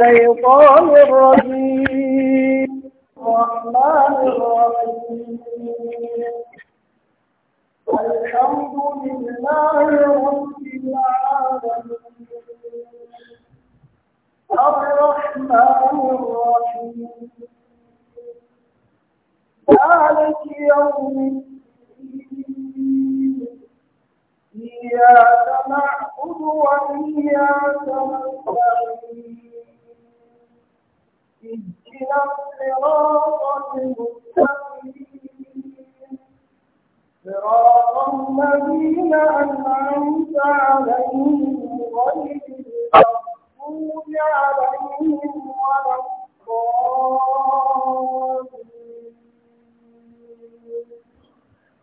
الشيطان الرجيم الرحمن الرحيم الحمد لله رب العالمين الرحمن الرحيم مالك يوم الدين إياك نعبد وإياك نستعين اهدنا الصراط المستقيم صراط الذين عليهم غير المغضوب عليهم ولا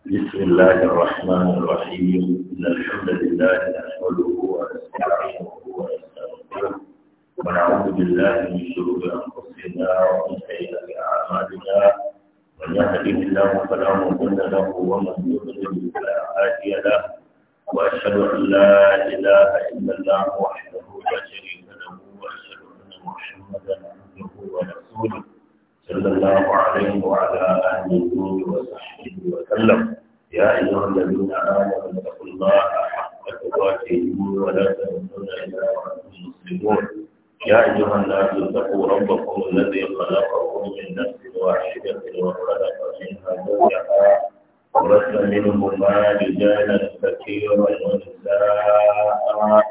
بسم الله الرحمن الرحيم إن الحمد لله نحمده ونستعينه ونستغفره ونعوذ بالله من شرور أنفسنا ومن سيئات أعمالنا من يهده الله فلا مضل له ومن يضلل فلا هادي له وأشهد أن لا إله إلا الله وحده لا شريك له وأشهد أن محمدا عبده ورسوله صلى الله عليه وعلى آله وصحبه وسلم يا أيها الذين آمنوا اتقوا الله حق تقاته ولا تموتن إلا وأنتم مسلمون يا أيها الناس اتقوا ربكم الذي خلقكم من نفس واحدة وخلق منها زوجها ورث منهما رجالا كثيرا ونساء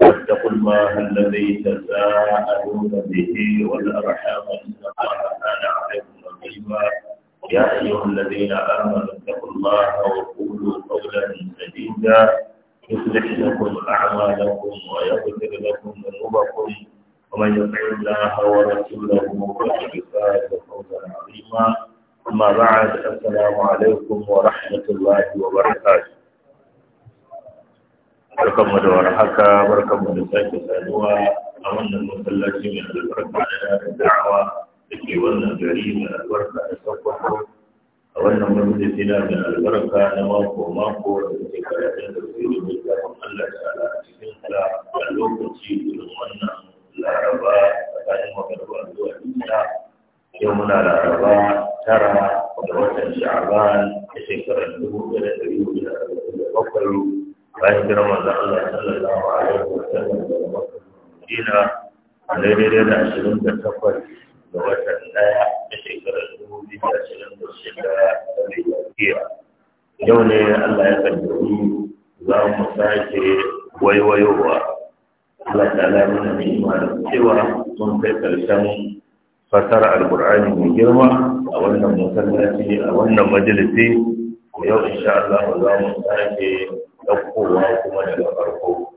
واتقوا الله الذي تساءلون به والأرحام إن الله كان عليكم رقيبا يا أيها الذين آمنوا اتقوا الله وقولوا قولا سديدا يصلح لكم أعمالكم ويغفر لكم ذنوبكم ومن يطع الله ورسوله فقد فاز فوزا عظيما اما بعد السلام عليكم ورحمه الله وبركاته بركم ودورحك بركم ودسيك سادوا أمن المثلثي من البركة لنا الدعوة لكي ولنا جريمة البركة نصفحه أولنا مرمزتنا من البركة نموك وموك ورمزتك لا تنزل في ربك ومن لك على أسفنك لا laraba tsakanin magarba zuwa duniya. yau muna laraba tara da watan sha'aban da shekarar dubu ɗaya da ɗari hudu da arba'in da bakwai bayan jiran manzon Allah sallallahu alaihi wa sallam daga Makka Madina a daidai da ashirin da takwas da watan ɗaya da shekarar dubu biyu da ashirin da shida da miliyariya yau ne Allah ya kaddari za mu sake waiwayowa Allah ta ala mana imanin da cewa mun kai karshen fasara alqur'ani mai girma a wannan masallaci a wannan majalisi yau insha Allah za mu sake ɗaukowa kuma daga farko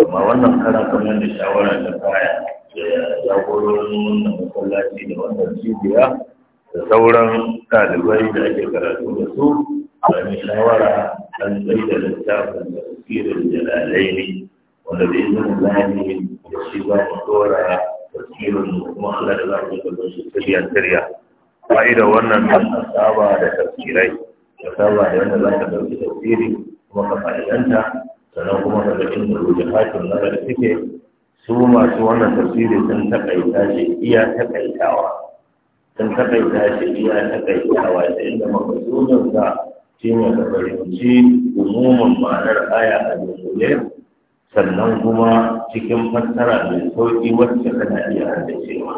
amma wannan kana kamar da shawara da kaya da goro wannan masallaci da wannan cibiya da sauran ɗalibai da ake karatu da su a shawara an tsaye da littafin da suke da jalalai ne wanda da izinin zani da shi za mu da tafsirin kuma Allah da za mu kallon su sirya yi da wannan nan ka saba da tafsirai ka saba da yadda za ka ɗauki tafsiri kuma ka faɗi fa'idanta sannan kuma ka ga inda rujuhatun na da suke su masu wannan tafsiri sun taƙaita shi iya taƙaitawa, sun taƙaita shi iya taƙaitawa. da inda makasudin sa shi ne ka fahimci umumin ma'anar aya a dunkule sannan kuma cikin fassara mai sauƙi wacce kana iya haddacewa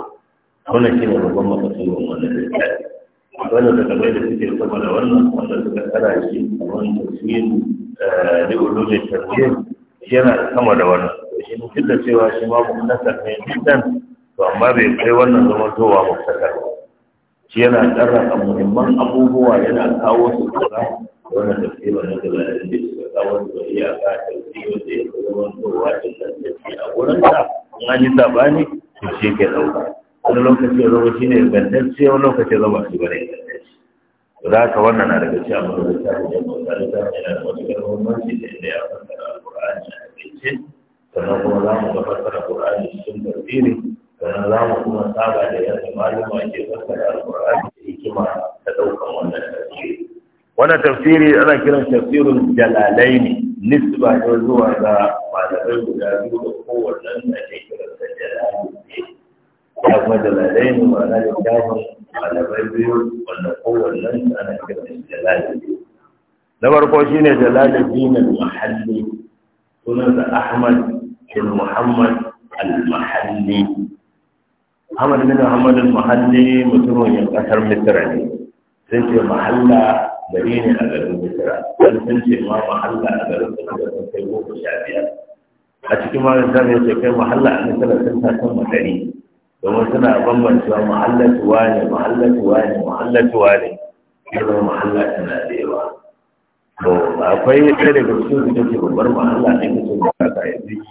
wannan shi ne babban makasudin wannan littafi Wanda da kamar da suke sama da wannan wanda suka tsara shi kamar tafsirin eh, da ulumin tafsir yana sama da wannan shi duk da cewa shi ma muktasar ne dukkan to amma bai kai wannan zama towa muktasar ba shi yana tsara muhimman abubuwa yana kawo su tsara wannan wani na da lalata da suka kawo da iyaka tafsirin da ya zama kowa da lantarki a wurin da an yi sabani to shi ke ɗauka wani lokaci ya zama shi ne ingantacce wani lokaci ya zama shi bane ingantacce to da haka wannan na daga cewa mun rubuta da jan bauta da ta yana da matuƙar muhimmanci da inda ya fassara alƙur'ani a takaice sannan kuma za mu ga fassara alƙur'ani cikin tafsiri sannan za mu kuma saba da yadda malama ke fassara alƙur'ani da hikima wannan tafsiri ana kiran tafsirin jalalai ne nisba ne zuwa ga malamai guda biyu da kowannen da ke kiran da jalalai ne ya kuma jalalai ne ma'ana da kyawun malamai biyu wanda kowannen da ana kiran da jalalai ne na farko shi ne jalalai dina mahalli sunan da ahmad bin muhammad al-mahalli ahmad bin muhammad al-mahalli mutumin kasar misira ne sai ce mahalla gari ne a garin Misira wani sun ce ma mahalla a garin Misira sun kai goma sha biyar a cikin ma zan yace kai mahalla a Misira sun ta san magari domin suna bambancewa mahallatuwa ne mahallatuwa ne mahallatuwa ne kuma mahalla tana da yawa to akwai ɗaya daga cikin su take babbar mahalla ne mutum da aka yi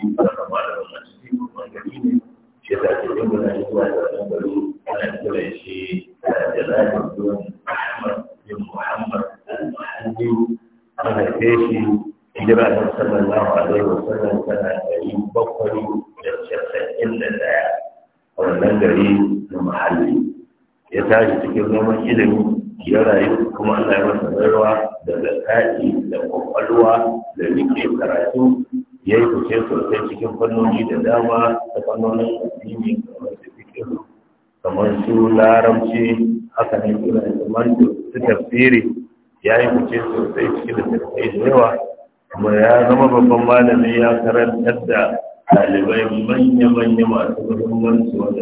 ilimi ya rayu kuma Allah ya masa rarwa da zakati da kwakwalwa da rike karatu ya yi kusa sosai cikin fannoni da dama da fannonin addini kamar su fikir kamar su laramci haka ne kuma kamar su tafsiri ya yi kusa sosai cikin littattafai da yawa kuma ya zama babban malami ya karantar da ɗalibai manya-manya masu muhimmanci wanda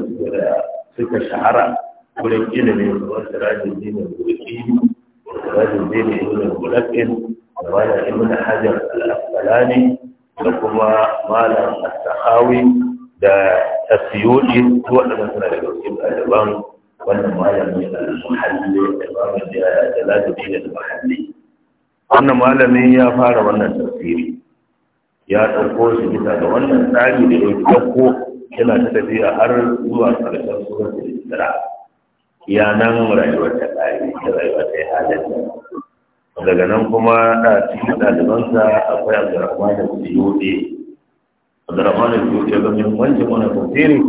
suka shahara wurin ilimin kamar sirajin dinin ruki sirajin dinin ibn mulakin da malam ibn hajar al-asqalani da kuma malam as-sahawi da tafiyoɗi, asiyuti waɗanda suna daga cikin ɗaliban wannan malami al-muhalli imam jalaluddin al-muhalli wannan malami ya fara wannan tafsiri ya ɗauko shi bisa ga wannan tsari da ya ɗauko yana ta tafiya har zuwa ƙarshen surat al-isra ya nan rayuwar ta ƙari da rayuwar ta yi su, daga nan kuma da cikin ɗalibansa akwai abdurrahman da suyuɗe abdurrahman da ga min wancan wani tafsiri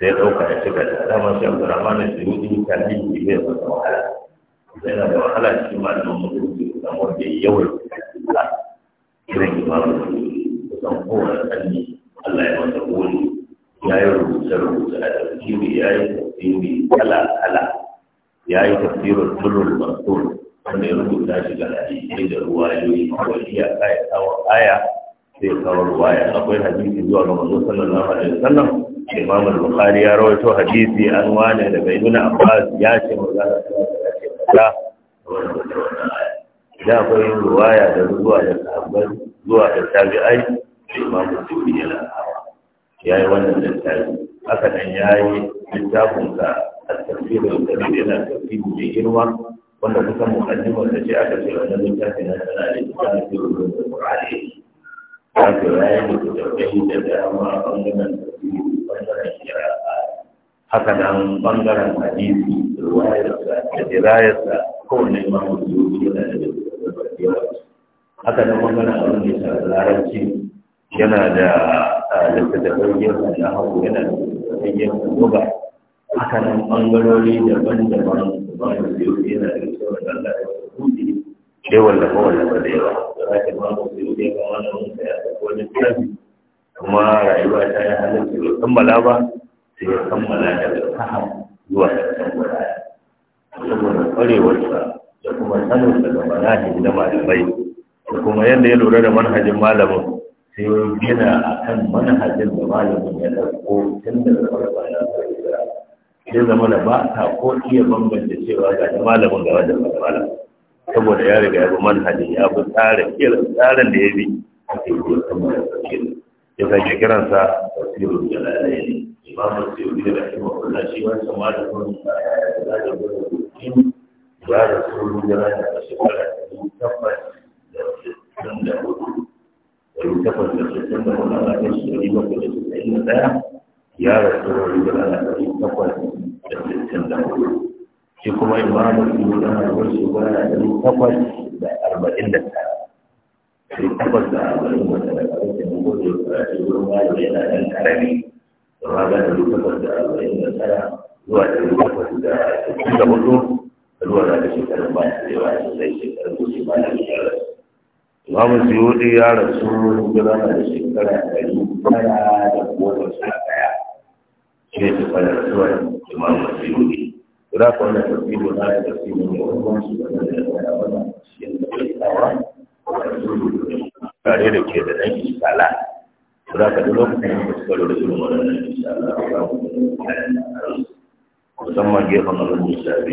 sai ɗauka ya cika da dama shi abdurrahman da suyuɗe kalli ne bai masa wahala sai na da wahala cikin malamin musulunci da samu wanda ya yawan irin imamu da suyuɗe kowane sanni Allah ya masa wuri ya yi rubuce-rubuce a tafsiri ya yi tafsiri kala-kala ya yi tafsirin turul masul wanda ya rubuta shi ga hadisai da ruwa yi kawai iyaka ya kawo aya sai kawo ruwaya akwai hadisi zuwa ga manzo sallallahu alaihi wasallam imam al-bukhari ya rawaito hadisi an wane daga ibn abbas ya ce mu manzo sallallahu alaihi wasallam da akwai ruwaya da zuwa da sahabbai zuwa da tabi'ai imam al-bukhari ya rawaito ya yi wannan littafi haka nan ya yi littafinsa a tafsirin da yana tafsiri mai girma wanda kusan mukaddimar da ce aka ce wannan littafi na tana da littafi rubutun da Qur'ani haka ya yi mutu da kai da dama a bangaren tafsiri bangaren shari'a haka nan bangaren hadisi ruwayarsa da dirayarsa kowane imamu zuwa yana da littafi haka nan bangaren abin da ya shafi larabci yana da ah, littattafan gefen na hagu yana da littattafan gefen guba haka nan ɓangarori daban-daban ba da biyu yana da sauran Allah ya kuɗi dai wallafa wallafa da yawa da haka ba su yi dai ba wannan mun saya da wani tafi kuma rayuwa ta yi halin da bai kammala ba sai ya kammala daga saham zuwa sassan kammala. saboda ƙwarewarsa da kuma sanin daga manhajin da malamai da kuma yadda ya lura da manhajin malamin sai gina a kan manhajin da malamin ya ɗauko tun daga farko ya fara sai zama da ba ta ko iya bambanta cewa ga da malamin ga wajen malam saboda ya riga ya bi manhajin ya bi tsarin irin tsarin da ya bi a cikin kamar da sauke ya sake kiransa tafsirul jalalai imamu tafsirul da shi mafulla shi wancan malamin da ya da gurbin ya da tsoron jalalai a shekara ta tabbas da ɗari takwas da ya shi kuma imamu ibn al-harwar shi ba da ɗari takwas da arba'in da ɗaya ɗari takwas da arba'in da ɗaya ɗari da gode karatu wurin wani da yana ɗan karami da ga ɗari takwas da arba'in da ɗaya zuwa ɗari takwas da sittin da hudu zuwa da shekarun bayan da yawa sosai shekarun da shi ba da shi Imam Suyuti ya rasu hijira na da shekara ɗari tara da goma sha ɗaya. Shi ne tafa da da ka na da su da na da ya shi ne da Tare da ke da ɗan ka da lokacin da suka ba da musamman gefen eh,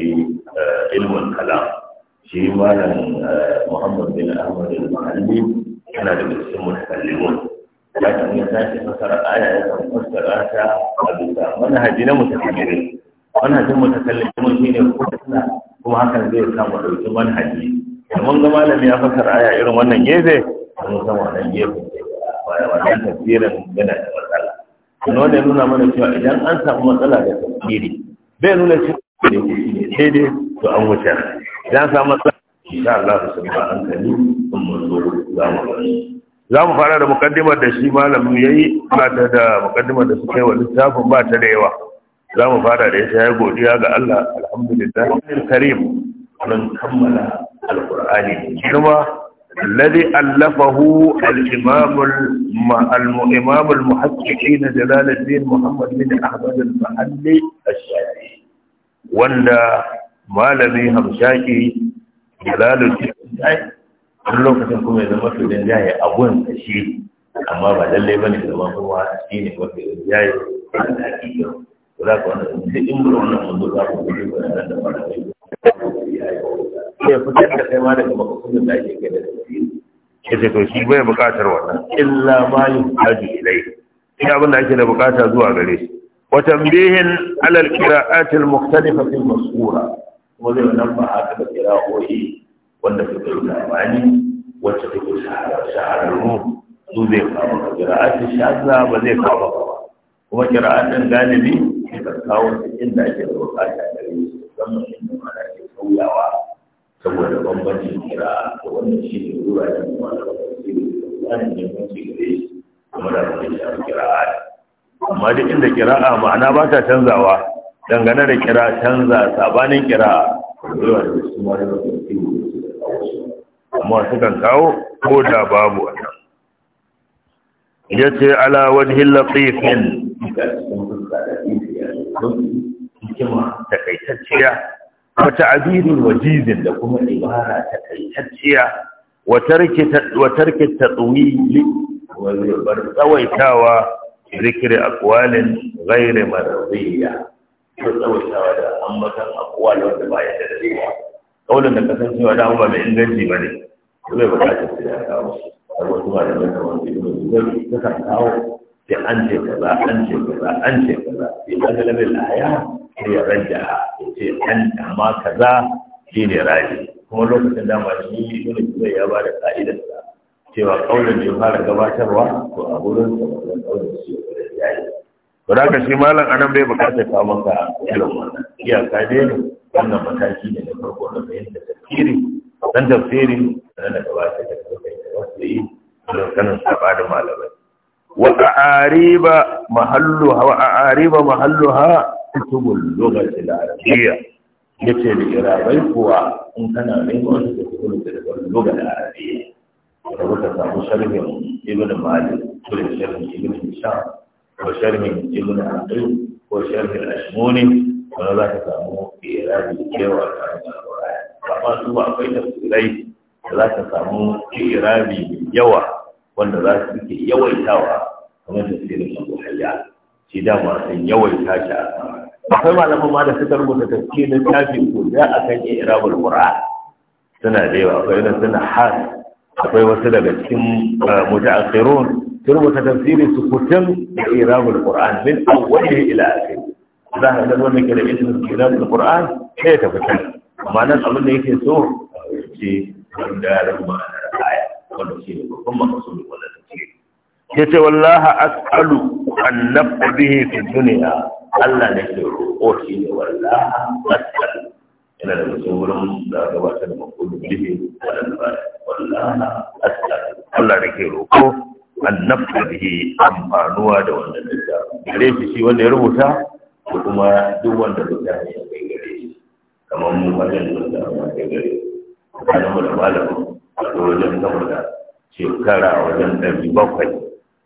ilmin kalam. shi malam eh, muhammad bin ahmad al-ma'almi yana da cikin mutakallimun lakin ya tashi fasara aya ya kan fassara ta a bisa manhaji na mutakallimin manhajin mutakallimin shine kuma kuma hakan zai samu dauki manhaji kamar ga malami ya fasara aya irin wannan gefe an san wannan gefe wannan tafsirin yana da matsala kuma wanda nuna mana cewa idan an samu matsala da tafsiri bai nuna cewa daidai to an wuce idan samu matsala da Allah su sami hankali sun mazo za mu za mu fara da mukaddimar da shi malamin yayi ba ta da mukaddimar da suka yi wa littafin ba ta da yawa za mu fara da ya ya godiya ga Allah alhamdulillah karim mun kammala alqur'ani kuma الذي ألفه الإمام الإمام المحققين جلال الدين محمد بن أحمد المحلي الشافعي وأن malami hamshaki jalaluddin wani lokacin kuma ya zama tudin jaye abun da shi amma ba lallai bane da zama kuma shi ne mafi jaye a hakika ko za ka wannan sai in bura wannan manzo za ku gudu ba nan da fara yi ya fitar da kai ma daga makasudin da ake kai da tafiye ya ce to shi bai buƙatar wannan illa ma yi hajji ilai shi abin da ake da buƙata zuwa gare shi وتنبيه على القراءات المختلفة mukhtalifa fil kuma zai nan ba haka da kira'o'i wanda suka yi labari wacce take shahararru su zai kawo ka kira'atun shaza ba zai kawo ba kuma kira'atun galibi ke ka kawo su inda ake da bukata da yi musamman inda mana ke sauyawa saboda bambancin kira da wannan shi ne zuwa da kuma da tafsiri da wani ne mun ci gare shi kuma da mun shafi kira'at amma duk inda kira'a ma'ana ba ta canzawa dangane da kira canza sabanin kira amma kan kawo ko da babu a nan ya ce ala wani latifin takaitacciya wata abirin wajizin da kuma ibara takaitacciya watarki tatsuwili bar tsawaitawa zikiri akwalin gairi marziyya don da ambatan akowa da wanda ba ya da dadewa da kasancewa da ba mai inganci ba ne zai bukatar su ya kawo har wasu ba da wanda wanda ya zai ta kan kawo sai an ce kaza an ce kaza an ce kaza sai an galabe laya sai ya rajja ya ce an amma kaza shi ne raji kuma lokacin dama shi ne zai ya ba da ka'idarsa cewa kaulan da ya fara gabatarwa to a gurin sa wannan kaulan shi ya yi ba ka shi malam anan bai bukata ta maka irin wannan iyaka ne wannan mataki ne na farko na da tafsiri dan tafsiri na da gabata da kuma wasu yi don sanin saba da malamai wa a'ariba mahalluha wa a'ariba mahalluha kutubul lughati al-arabiyya yace da irabai kuwa in kana mai wasu da kutubul lughati al-arabiyya da muka samu sharhin ibn malik sharhi ibn shah ko sharhin ibn abdul ko sharhin ashmuni wanda za ka samu irani da yawa a kan alƙur'ani amma su akwai tafsirai da za ka samu irani mai yawa wanda za su ke yawaitawa kamar tafsirin abu hayya shi dama sun yawaita shi a kan akwai malaman ma da suka rubuta tafsirin tafi guda a kan irabul qur'an suna da yawa akwai irin suna har akwai wasu daga cikin mutaakhirun ta tafsirin su kutun da irabul qur'an min awwalihi ila akhir za ka ga wannan kira ismin irabul qur'an sai ta fitan amma nan abin da yake so ce gandarin ma'anar aya wanda shi ne babban makasudin wannan tafsiri ya ce wallaha as'alu an nafa bihi fi duniya Allah ne ke roƙo shi ne wallaha as'alu Ina da mutum wurin da gabatar da makulun bihi wallaha as'alu Allah ne ke roƙo annabta ke amfanuwa da wannan da gare shi shi wanda ya rubuta da kuma duk wanda da ya kai gare shi kamar mu wajen littafin ya kai gare shi mu da malamin a wajen sama da shekara wajen ɗari bakwai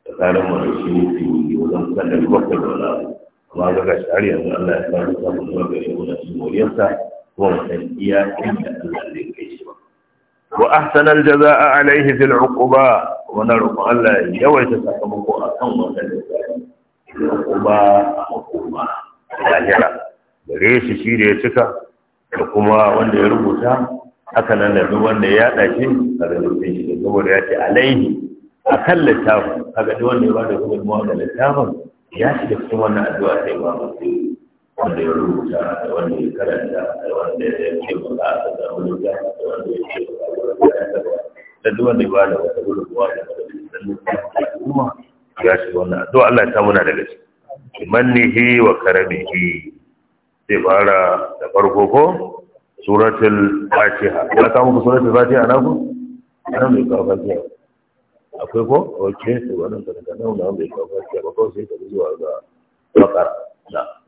da tsarin mu da shi ne yi wajen kusan ɗari bakwai da wani amma ga gashi har yanzu Allah ya kawo samun wani gari mu da shi moriyarsa kuma mu san iya inda Allah zai وأحسن الجزاء عليه في العقوبة ونرجو الله يويت سكمك أحسن الجزاء العقوبة عقوبة الآخرة gare shi shi da ya cika da kuma wanda ya rubuta haka nan da duk wanda ya yaɗa a rubutun shi saboda ce alaihi a kan kaga duk wanda ya da gudunmawa ga littafin ya shiga wannan addu'a sai ba wanda ya rubuta da wanda ya karanta da wanda ya ce ba za bukata da wani da wanda ya ce ba za bukata da duk wanda ya bada wata gudunmuwa da da ya ce ba za a da shiga wannan addu'a Allah ya samu na daga ciki mannihi wa karamihi sai fara da farko ko suratul fatiha ya samu ku suratul fatiha na ku ana mai kawo fatiha akwai ko wace su wannan kan kan nan mai kawo fatiha ba ko sai ka zuwa ga bakar na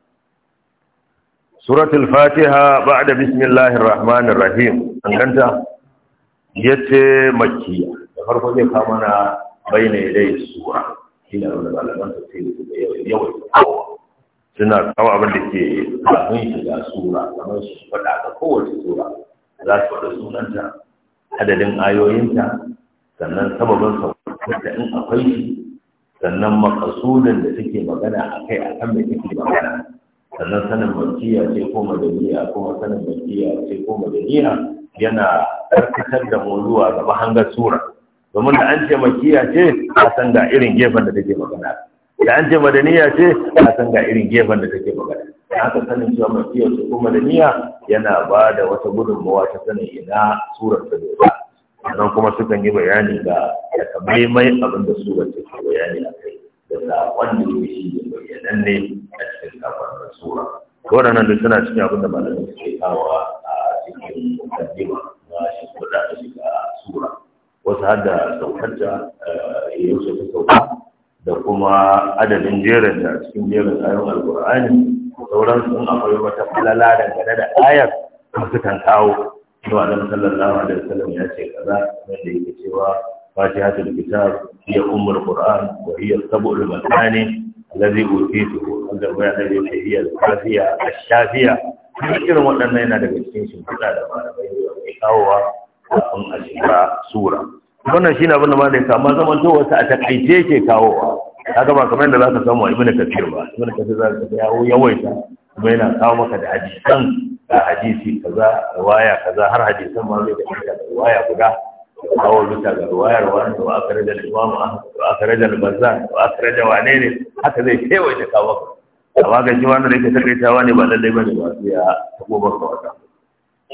suratul fatiha ba'da bismillahir rahmanir rahim an ganta yace makkiya da farko zai kama na bayyana ilai sura kila da malaman tafsiri da yawa suna kawo abinda ke kafin shiga sura kamar su faɗa ga kowace sura za su faɗa sunanta adadin ayoyinta sannan sababin sauƙarta in akwai shi sannan makasudin da take magana a kai a kan mai take magana sannan sanin makiya ce ko madaniya kuma sanin makiya ce ko madaniya yana karkatar da mu zuwa ga mahangar sura domin da an ce makiya ce a san ga irin gefen da take magana da an ce madaniya ce a san ga irin gefen da take magana da aka sanin cewa makiya ce ko madaniya yana ba da wata gudunmawa ta sanin ina surar ta sannan kuma sukan yi bayani ga takamaimai abin da surar take bayani a da saƙon da yake shi da bayyananne a cikin kafar sura waɗannan da suna cikin abin da malamin suke kawa a cikin mukaddima na shi da shiga sura wasu har da saukarta eh, yaushe ta sauka da kuma adadin jerin da cikin jerin ayon alkur'ani sauransu sun akwai wata falala dangane da ayar masu kan kawo cewa nan sallallahu alaihi wasallam ya ce kaza wanda yake cewa fatihatul kitab ya ummul qur'an wa hiya sabul matani alladhi utitu wanda ya da yake iya kafiya ashafiya irin waɗannan yana daga cikin shimfiɗa da malamai da mai kawowa a shiga sura abin da ma kama zaman to wasu a takaice ke kawowa kaga ba kamar yadda zaka samu ibn kafir ba ibn kathir za ga yawo yawaita kuma yana kawo maka da hadisan da hadisi kaza riwaya kaza har hadisan ma zai da riwaya guda kawo bisa ga ruwayar wani da aka raja limamu da aka raja albazan da aka raja wane ne haka zai kewaye kawo ka amma ga shi wannan yake takaitawa ne ba lallai ne ba su ya tabo maka wata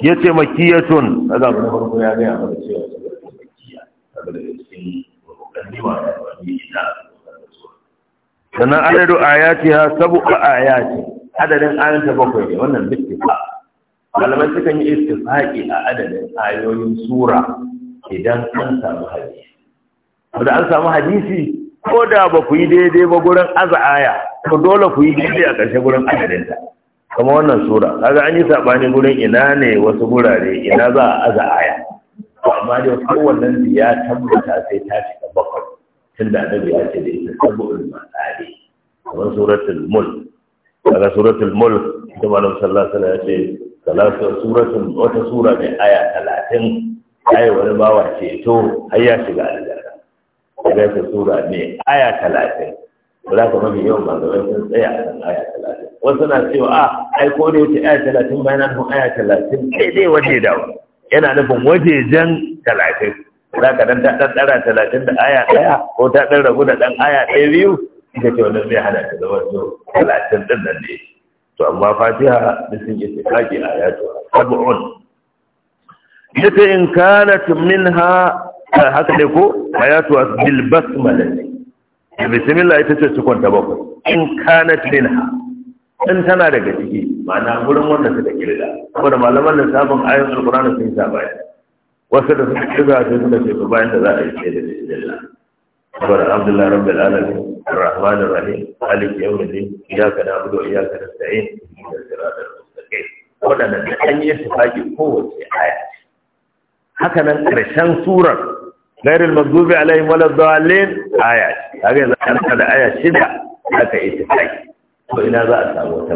ya ce makiyatun kaga abu na farko ya gaya mana cewa su ga makiya kaga da cikin mukaddima da wani ina sannan adadu a ya ce ha sabu a ya ce. adadin ayanta bakwai ne wannan dukkan malamai sukan yi istifaqi a adadin ayoyin sura idan an samu hadisi da an samu hadisi ko da ba ku yi daidai ba gurin aza aya to dole ku yi daidai a ƙarshe gurin adadinta kama wannan sura kaga an yi saɓani gurin ina ne wasu gurare ina za a aza aya to amma dai kowannen da ya tabbata sai ta shiga bakwai tun da annabi ya ce da ita sabu'ul tsari. kamar suratul mulk kaga suratul mulk ita ma na musalla sana ya ce salatu suratul wata sura mai aya talatin. ayi wani bawa ce to har ya shiga aljanna daga ta sura ne aya talatin za ka mafi yawan malamai sun tsaya a kan aya talatin wasu na cewa a ah, ai ko da yake aya talatin bayan nufin aya talatin daidai waje dawa yana nufin wajejen talatin za ka dan ta ɗan ɗara talatin da aya ɗaya ko ta ɗan ragu da ɗan aya ɗaya biyu ita ce wannan zai hana ta zama wasu talatin ɗin nan ne to amma fatiha da sun yi a yato sab'un yace in min ha haka ne ko Bilbas malari da bismillah ita ce cikon ta bakwai in min ha. in tana daga ciki ma'ana gurin wanda da kirga Kuma da malaman sabon ayon alkurana sun sa baya wasu da suka kirga sai suka su bayan da za a yi sai da bismillah saboda alhamdulillah rabbil alamin arrahman arrahim malik yawmiddin iyyaka na'budu wa da nasta'in da siratal waɗanda da an yi su haƙi kowace aya haka nan ƙarshen surar gairin mazubi a wala dhalin aya kaga yanzu an da aya shida aka yi tafi to ina za a samu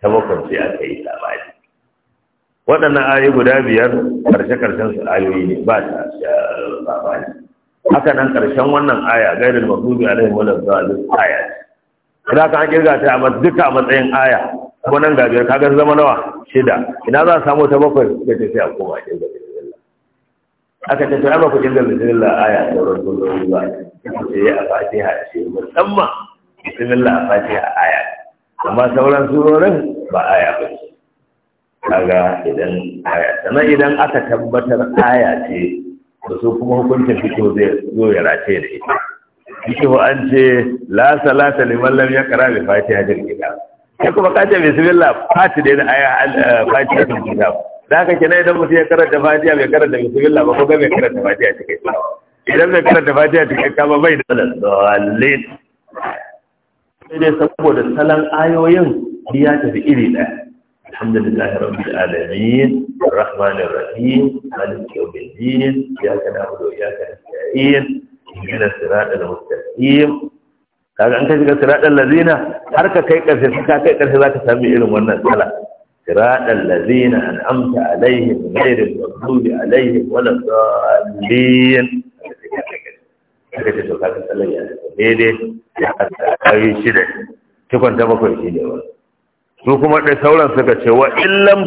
Ta tabakon sai aka yi sabani waɗannan ayoyi guda biyar ƙarshe-ƙarshen su ayoyi ne ba ta sabani haka nan ƙarshen wannan aya gairin magdubi alaihim wala dhalin aya Ina ka an kirga ta duka a matsayin aya kuma nan ga biyar kaga zama nawa shida ina za a samu bakwai sai ta sai a koma kirga aka ta to ba ku dinga bismillah aya da rubutun ruwa sai ya fatiha ce musamman bismillah fatiha aya amma sauran surorin ba aya ba kaga idan aya sannan idan aka tabbatar aya ce da su kuma hukuncin fito zai zo ya race da ita fito an ce la salata liman lam yaqra bi fatiha dal kitab sai kuma kace bismillah fatiha da aya eh, fatiha dal kitab da haka kenan idan mutum ya karanta fatiya bai karanta bismillah ba ko ga bai karanta fatiha cikin idan bai karanta fatiha cikin kama bai da dalilin sai dai saboda salon ayoyin ya tafi iri ɗaya alhamdulillah rabbil alamin rahmanir rahim malik yawmid din ya kana hudu ya kana sa'in ihdina siratal mustaqim kaga an kai ga siratal ladina har ka kai karshe ka kai karshe zaka sami irin wannan sala صراط الذين أنعمت عليهم غير المغضوب عليهم ولا الضالين aka ce to kaga sallar ya daidai ya hada ayi shida tukun ta bakwai shi ne wani su kuma da sauran suka ce wa illam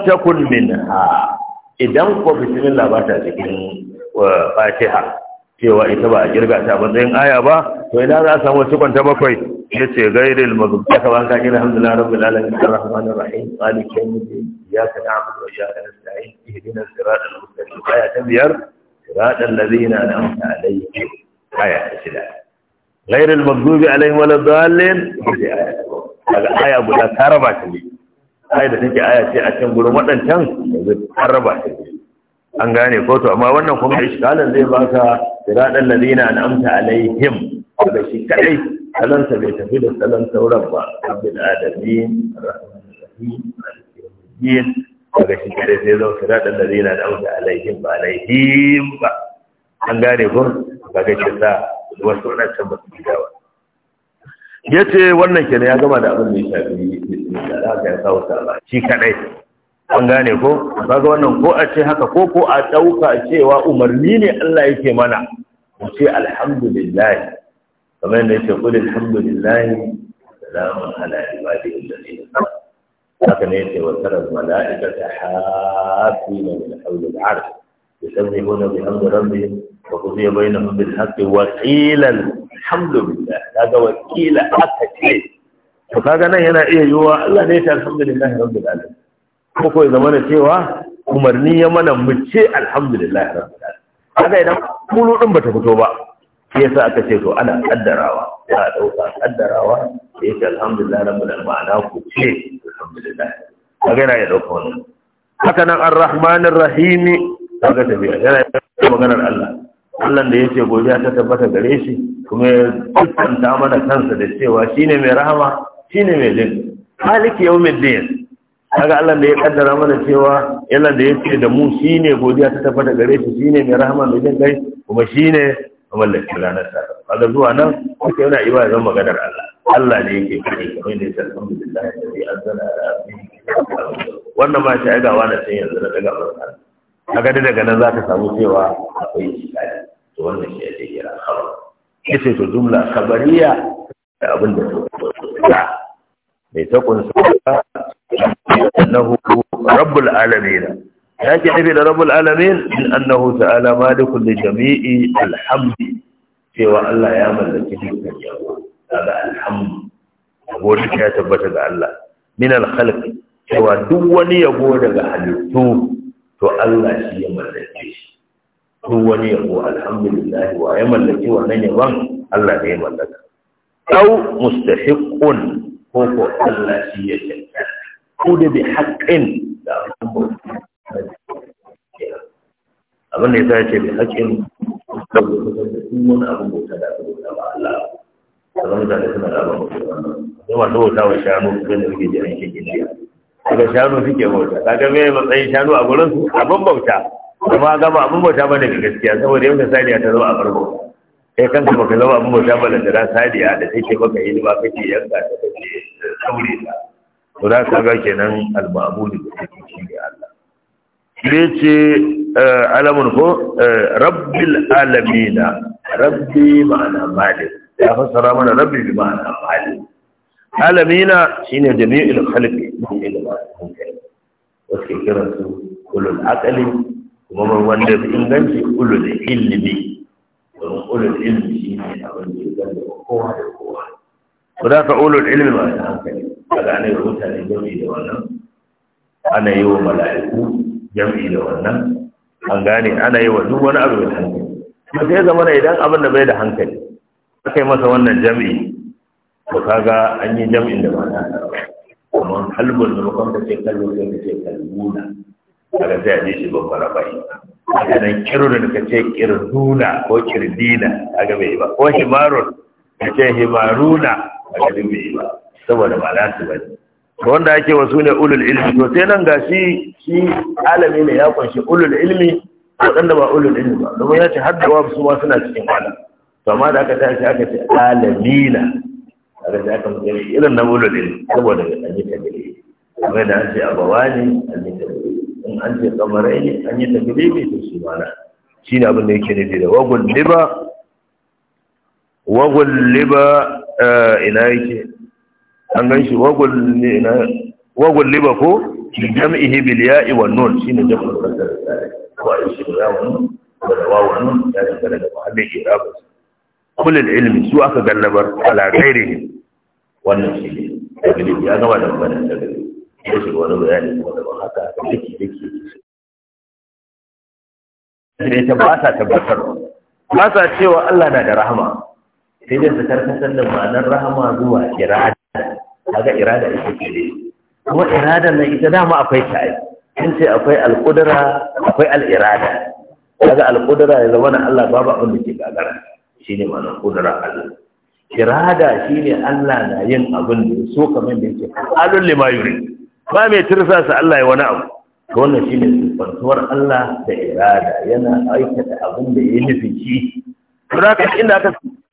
min ha? idan ko bismillah ba ta cikin fatiha cewa ita ba a kirga ta matsayin aya ba to ina za a samu cikon ta bakwai ya ce gairil mazubi aka ban kakin alhamdulillah rabbil alamin arrahmanir rahim maliki ya ka na'budu wa iyyaka nasta'in ihdinas siratal mustaqim aya ta biyar siratal ladzina an'amta alaihim aya ta shida gairil mazubi alaihim waladdallin aya ta aya guda ta raba ta ne aya da take aya ce a can gurin waɗancan yanzu ta raba ta ne an gane ko to amma wannan kuma iskalan zai baka siratal ladina an'amta alaihim da shi kadai sa bai tafi da salan sauran ba Abin adamin rahmanir rahim rahim daga shi kadai sai zo siratal ladina an'amta alaihim ba alaihim ba an gane ko kaga shi sa wasu wannan ba su Ya yace wannan kenan ya gama da abin da ya shafi da aka kawo sa shi kadai an gane ko kaga wannan ko a ce haka ko ko a ɗauka cewa umarni ne Allah yake mana mu ce alhamdulillah kamar yadda yake kudin alhamdulillah salamun ala ibadi alladhina haka ne yake wa tarar mala'ikata hafina min hawlil arsh yusabbihuna bihamdi rabbihim wa qudiya bainahum bil haqqi wa qila alhamdulillah kaga wa qila aka ce to kaga nan yana iya yiwuwa Allah ne ya alhamdulillah rabbil alamin ko ya zama da cewa umarni ya mana mu ce alhamdulillah rabbil alamin da idan kulu ba ta fito ba Ya sa aka ce to ana ƙaddarawa Ya ɗauka ƙaddarawa ya ce alhamdulillah rabbil alamin ma'ana ku ce alhamdulillah kaga yana ya ɗauka wani. haka nan rahimi rahim ga tafiya yana maganar Allah Allah da ce godiya ta tabbata gare shi kuma ya tsanta mana kansa da cewa shine mai rahama shine mai jin maliki din kaga Allah da ya kaddara mana cewa yalla da yake da mu shine godiya ta tabbata gare shi shine mai rahama mai jin kai kuma shine mallaki ranar ta kaga zuwa nan kuke yana ibada zan maganar Allah Allah ne yake kare kamar da yake alhamdulillah alladhi anzala ala abdihi wannan ba shi ga wani sai yanzu da daga barka kaga da daga nan za ka samu cewa akwai shi to wannan shi yake kira khabar kace to jumla khabariya da abin da ta mai ta kunsa annahu rabbul alamin ya ke nufi da rabbul alamin min annahu jami'i alhamdi cewa Allah ya mallaki dukkan yawa daga alhamdu yabo ya tabbata ga Allah min alkhalq cewa duk wani yabo daga halittu to Allah shi ya mallake shi duk wani yabo alhamdulillah wa ya mallaki wannan yabon Allah ne ya mallaka ko ko Allah shi ya da bi haƙƙin da abin bauta abin da ya sace ce bi haƙƙin da wani abin bauta da aka bauta ba Allah zama da suna da abin bauta wannan yawa ta bauta wa shanu su da suke jiran shi indiya daga shanu suke bauta kaga me matsayin shanu a gurin su abin bauta kuma gaba abin bauta bane ga gaskiya saboda yau da sadiya ta zama a farko kai kanka baka zama abin bauta ba da sadiya da take baka ka kake yanka ta kake saure ta to da ka ga kenan al-ma'budu take haqqi ne Allah ne ce eh, alamun ko eh, rabbil alamin rabbi ma'ana malik ya fassara mana rabbi bi ma'ana malik alamina shine jami'ul khalqi min ilmi wasu kiran su ulul aqli kuma wanda fi inganci ulul ilmi domin ulul ilmi shine abin da ya zama kowa da kowa ko da ka ulul ilmi ma hankali daga ana yi wa mutane jami'i da wannan ana yi wa mala'iku jami'i da wannan an gane ana yi wa duk wani abu mai hankali kuma sai zama na idan abin da bai da hankali aka yi masa wannan jami'i to kaga an yi jami'in da ba na kuma kalbun da mukan ta ce kallo sai ta ce kalbuna kaga sai a ji shi fara bai haka nan kirun ka ce kirduna ko kirdina kaga bai ba ko himarun ka ce himaruna kaga bai ba saboda ba nasu ba wanda ake wasu ne ulul ilmi to sai nan gashi shi alami ne ya kunshi ulul ilmi waɗanda ba ulul ilmi ba domin ya ce wa su ma suna cikin wala to amma da aka shi aka ce alamina aka ce aka mutane irin na ulul ilmi saboda ga ta tabiri amma da an ce abawa ne an yi tabiri in an ce kamarai ne an yi tabiri ne to su ma shi ne abin da yake nufi da wagun liba wagun liba eh, ina yake an gan shi wagul liba ko jam'ihi bil ya'i iwan nun shi ne wannan wa wawun ya dangana da muhammad ilmi su aka gallabar ala ne wannan shi ne tabbili ya gama da da tabbili ko shi wani bayani kuma da haka dake dake da ta ba sa tabbatar. ba sa cewa Allah na da rahama sai dai su karkatar da ma'anar rahama zuwa irada kaga irada ita ce ne. kuma irada na ita dama akwai ta ai in ce akwai alƙudura akwai al'irada kaga alƙudura ya zama na Allah babu abin da ke gagara shine ma'anar ƙudurar Allah irada shine Allah na yin abin da so kamar da yake alul lima yuri ba mai tirsa sa Allah ya wani abu to wannan shine sifantuwar Allah da irada yana aikata abin da ya nufi shi to inda aka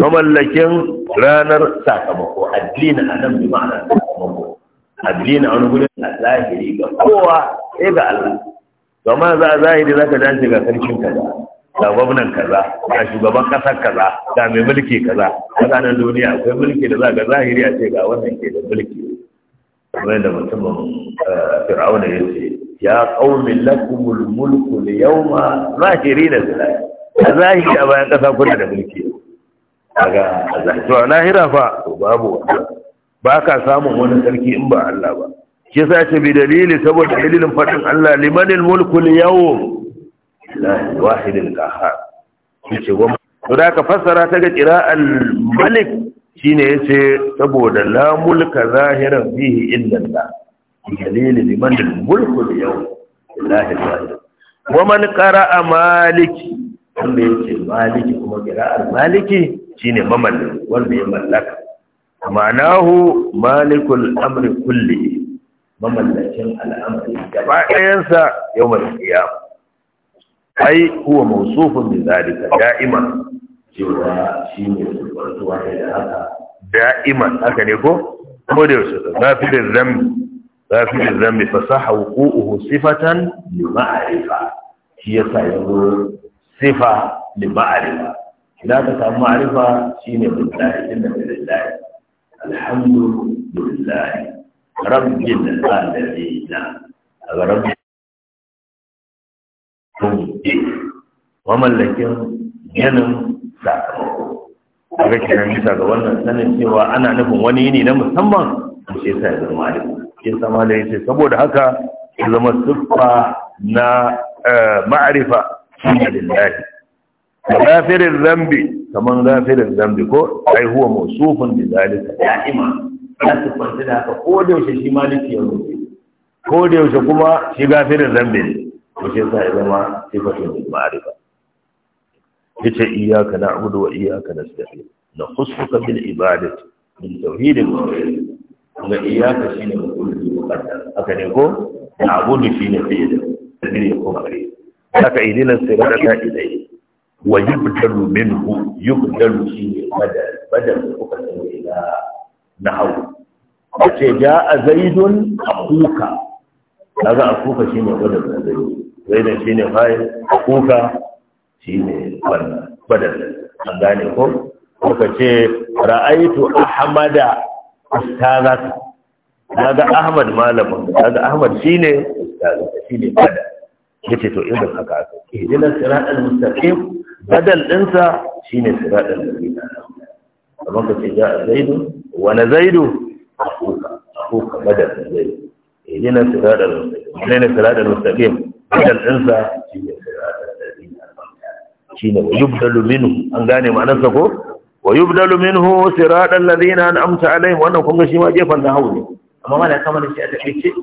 mamallakin ranar sakamako addini a nan bi ma'ana sakamako addini a wani gudun a zahiri ga kowa sai ga Allah Gama za a zahiri za ka dace ga sarkin kaza ga gwamnan kaza ga shugaban ƙasar kaza ga mai mulki kaza a ranar duniya akwai mulki da za ga zahiri a ce ga wannan ke da mulki kamar da mutumin eh, fir'auna ya ce ya qaumin lakumul mulku al-yawma A zahiri a bayan ƙasa kuna da mulki daga azantuwa lahira fa babu wanda ba ka samun wani sarki in ba Allah ba shi yasa ce bi dalili saboda dalilin fadin Allah limanil mulku al-yawm lillahi wahid al-qahhar yace to da ka fassara ta ga qira'al malik shine yace saboda la mulka zahiran fihi illa Allah bi dalili limanil mulku al-yawm lillahi wahid wa man qara'a maliki wanda maliki kuma qira'al maliki shine mamallin wanda ya mallaka ma'anahu malikul amri kulli mamallakin al'amari gaba ɗayansa yawmal qiyama ai huwa mawsufun bi zalika da'ima cewa shi ne shine subhanahu da haka da'ima haka ne ko ko da yusuf zafirin Zafi zafirin zambi fasaha wuqu'uhu sifatan li ma'rifa shi yasa yanzu sifa li ma'rifa idan ka samu ma'arifa shine billahi inna lillahi alhamdulillah rabbil alamin daga rabbil mamallakin yanin sakamako aka kiran bisa ga wannan sanin cewa ana nufin wani yini na musamman to sai sai zama ma'arifa sai sama da yace saboda haka zama siffa na eh, ma'arifa shi ne lillahi gafirin zambi kaman gafirin zambi ko ai huwa mausufun bi zalika da'ima ya sifanta da haka ko da yaushe shi maliki ya rufe ko da yaushe kuma shi gafirin zambi ne to shi yasa ya zama sifatun ma'arifa yace iyyaka Abudu wa iyyaka nasta'in na khussuka bil ibadati min tauhidin wa ga iyyaka shine kullu muqaddar haka ne ko Abudu shi ne fi'il da ne ko ma'arifa haka idina sirata ilayhi wa yubdalu minhu yubdalu shi badal badal kuka san ila nahawu ce ja'a zaidun akuka kaga akuka shine badal da zaidu zaidan shine fa'il akuka shine wannan badal an gane ko kuka ce ra'aitu ahmada ustazaka kaga ahmad malamin kaga ahmad shine ustazaka shine to irin haka aka ihdina badal ɗinsa shi ne siraɗar lalina kamar ka ce ja a zaidu wani zaidu a kuka a kuka badal da zaidu idina siraɗar mustaƙim ne siraɗar mustaƙim badal ɗinsa shi ne siraɗar lalina shi ne wa yubdalu minhu an gane ma'anarsa ko wa yubdalu minhu siraɗar lalina an amsa alaihim wannan kun ga shi ma gefen na hau ne amma ma da kamar shi a taƙaice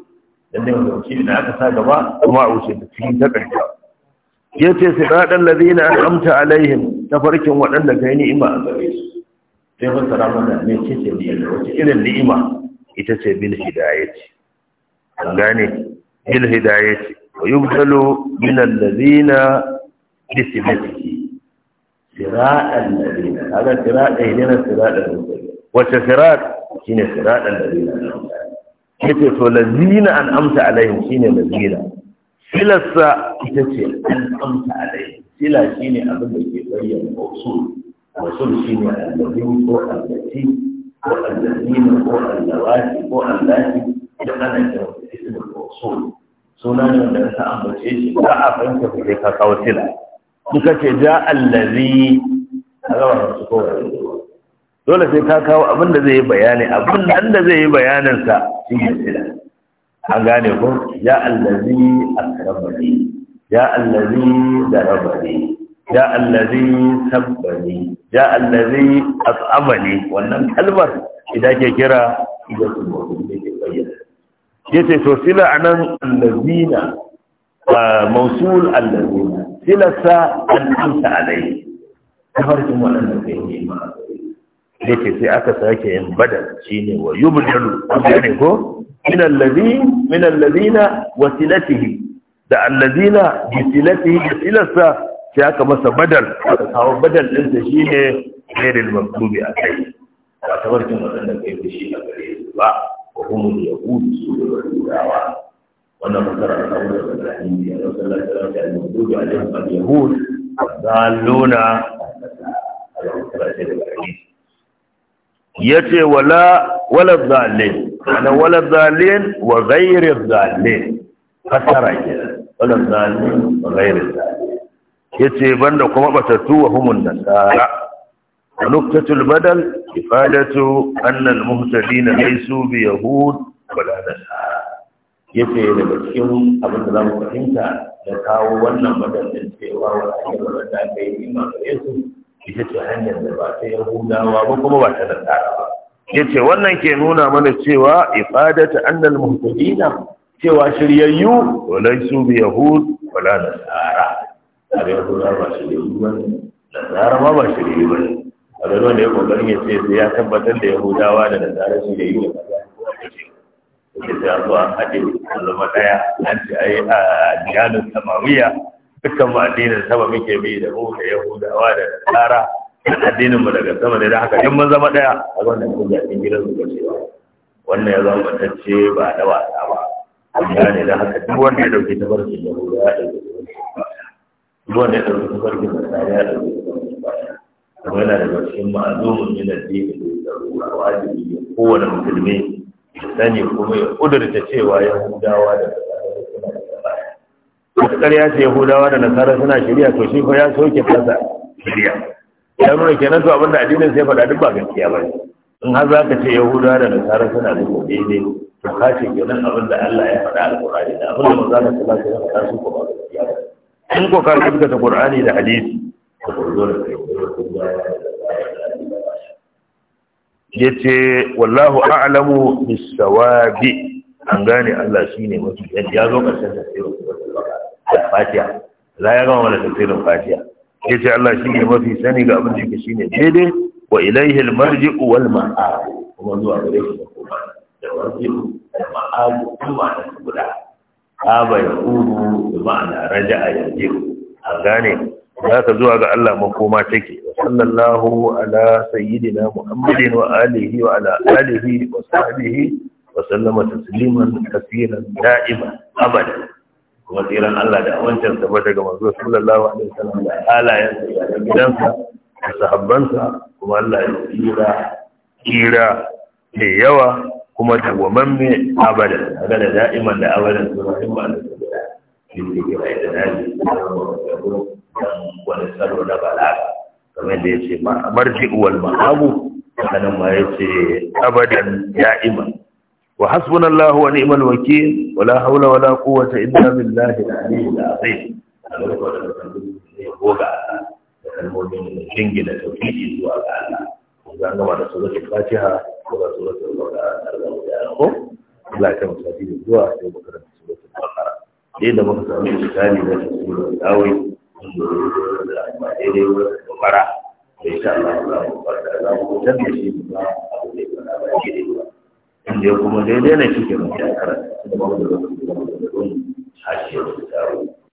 dan da mutum ne aka sa gaba kuma a wuce da cikin taƙaice ya ce siraɗar lazina an amta alaihim ta farkin waɗanda ka yi ni'ima a gare su sai ban tsara mana ne ce ce ni'ima wace irin ni'ima ita ce bil hidayati an gane bil hidayati wa yubtalu min allazina bisimatihi siraɗar lazina kaga siraɗar ne na siraɗar wace siraɗ shine siraɗar lazina ya ce lazina an amta alaihim ne lazina Filarsa ita ce an a alai sila shi ne abin da ke bayyana mausul mausul shi ne allabin ko allaci ko allazina ko allawati ko allati da ana kiran ismul mausul suna ne wanda ka ambace shi ba a fahimta ko sai ka kawo sila duka ce ja allazi a gaba su kowane dole sai ka kawo abin da zai yi bayani abin da zai yi bayaninsa shi ne sila A gane ko ya allazi akramani ya allazi darabani ya allazi sabbani ya allazi as'abani wannan kalmar idan ke kira idan su mutum ne ke bayyana ce to sila anan allazina mausul allazina sila sa an amsa alai kafarkin wannan da kai ne ma da ke sai aka sake yin badal shi ne wa yi bujalu ne ko min allazina wasilatihi da allazina bisilatihi da silarsa sai aka masa badal aka kawo badal ɗinsa shi ne gairin maktubi a kai ba ta barkin waɗanda kai da shi a gare su ba ko kuma ya kudu su da wani wannan magana ta wuce da na a da sallallahu alaihi wasallam da al-yahud zaluna a rasulullahi sallallahu alaihi wasallam yace wala wala zalin ana wala zalin wa ghairi zalin fasara ke wala zalin wa ghairi zalin yace banda kuma batatu wa humun nasara nuktatul badal ifadatu anna al muhtadin laysu bi yahud wala da nasara yace daga cikin abin da zamu fahimta da kawo wannan badal cewa cewa wala ayyuka da kai imanu yesu ita ce hanyar da ba ta yahudawa ba kuma ba ta nasara ba ya ce wannan ke nuna mana cewa ifadata annal muhtadina cewa shiryayyu walai su bi yahud wala nasara a da yahudawa ba shiryayyu ba nasara ma ba shiryayyu ba a ga wanda ya kokarin ya ce sai ya tabbatar da yahudawa da nasara shiryayyu da kaza ya ce sai a zo an haɗe zama ɗaya an ce yi a diyanin samariya. dukkan mu addinin sama muke bi da mu da yahudawa da tsara addinin mu daga sama ne da haka in mun zama daya a wannan kun ga cikin gidan su gacewa wannan ya zama tace ba da wasa ba amma ne da haka duk wanda ya dauki tabarkin yahudawa ya dauki duk wanda ya dauki tabarkin nasara ya dauki tabarkin baya kuma yana daga cikin ma'azumin min addini da zarura wajibi kowane musulmi sani kuma ya kudurta cewa yahudawa da matukar ya ce yahudawa da nasara suna shirya to shi ko ya soke fasa shirya ya nuna kenan abin abinda addinin sai faɗa duk ba gaskiya ba in har za ka ce yahudawa da nasara suna da ne to ka ce kenan abinda Allah ya faɗa alƙur'ani da abinda ba za ka alaihi wasallam ka faɗa su ko ba gaskiya ba in ko ka kafka ta Qur'ani da hadisi ka ko zo da kai yace wallahu a'lamu bis sawabi an gane Allah shine mafi ya zo karshen tafsirin suratul baqara fatiha za ya gama mana tafsirin fatiha ya ce Allah shi ne mafi sani ga abin da shi ne daidai wa ilaihi almarji wal ma'a. kuma zuwa gare shi kuma da marji'u da ma'ad kuma da guda ka bai kubu da ma'ana raja'a yanzu a gane za ka zuwa ga Allah makoma take sallallahu ala sayyidina muhammadin wa alihi wa ala alihi wa sahbihi wa sallama tasliman kaseeran da'ima abada kuma tsiran Allah da awancin sa daga manzo sallallahu alaihi wasallam da halayen sa da gidansa da sahabbansa kuma Allah ya tsira tsira da yawa kuma mai abadan daga da da'iman da abadan su rahim ba da shi ne ke bai da wani salo na bala'a. kamar da yace ma marji wal ma'abu sanan ma ce abadan da'iman وحسبنا الله ونعم الوكيل ولا حول ولا قوة إلا بالله العلي العظيم da tauhidi zuwa ga Allah ko ga gama da suratul Fatiha ko ga suratul Al-Qur'an ko Allah ya mutu da zuwa da makaranta suratul Baqara dai da muka samu misali da suratul Dawai da da maide da Bara insha Allah za mu fara da mu tantace mu ba abu da ba da inda kuma daidai na shi ke mace a karanta su da wani da wani da da da da